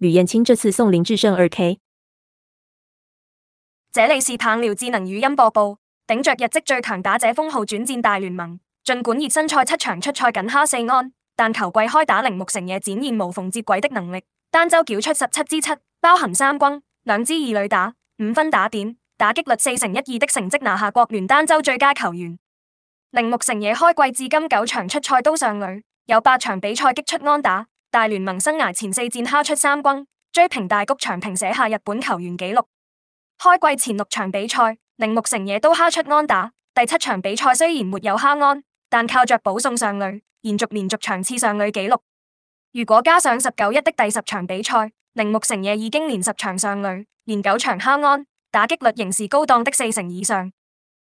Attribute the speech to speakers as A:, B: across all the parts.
A: 呂燕青這次送林志勝二 K。
B: 這裡是棒聊智能語音播報。頂着日職最強打者封號轉戰大聯盟，儘管熱身賽七場出賽僅敲四安，但球季開打，鈴木誠也展現無縫接軌的能力。單周繳出十七支七，包含三轟，兩支二壘打，五分打點，打擊率四成一二的成績，拿下國聯單周最佳球員。鈴木誠也開季至今九場出賽都上壘，有八場比賽擊出安打。大聯盟生涯前四戰敲出三轟，追平大谷翔平寫下日本球員紀錄。開季前六場比賽，鈴木誠也都敲出安打。第七場比賽雖然沒有敲安，但靠着保送上壘，延續連續場次上壘紀錄。如果加上十九一的第十場比賽，鈴木誠也已經連十場上壘，連九場敲安，打擊率仍是高檔的四成以上。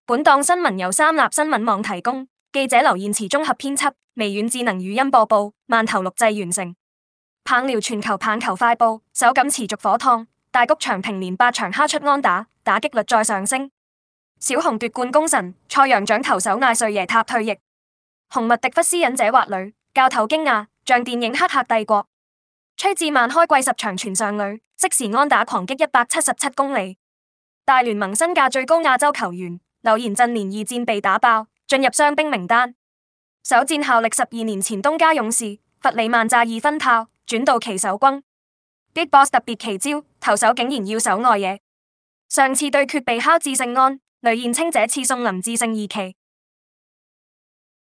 B: 本檔新聞由三立新聞網提供，記者劉燕池綜合編輯。微軟智能語音播報，慢投錄製完成。棒聊全球棒球快報，手感持續火燙。大谷翔平連八場敲出安打，打擊率再上升。小熊奪冠功臣，賽揚獎投手艾瑞耶塔退役。紅密迪夫斯忍者滑壘，教頭驚訝，像電影黑客帝國。崔志萬開季十場全上壘，即時安打狂擊一百七十七公里。大聯盟身價最高亞洲球員，柳賢振連二戰被打爆，進入傷兵名單。首戰效力十二年前東家勇士，弗里曼炸二分炮轉到奇手軍，Big Boss 特別奇招，投手竟然要守外野。上次對決被敲致勝安，雷彥青這次送林致勝二期。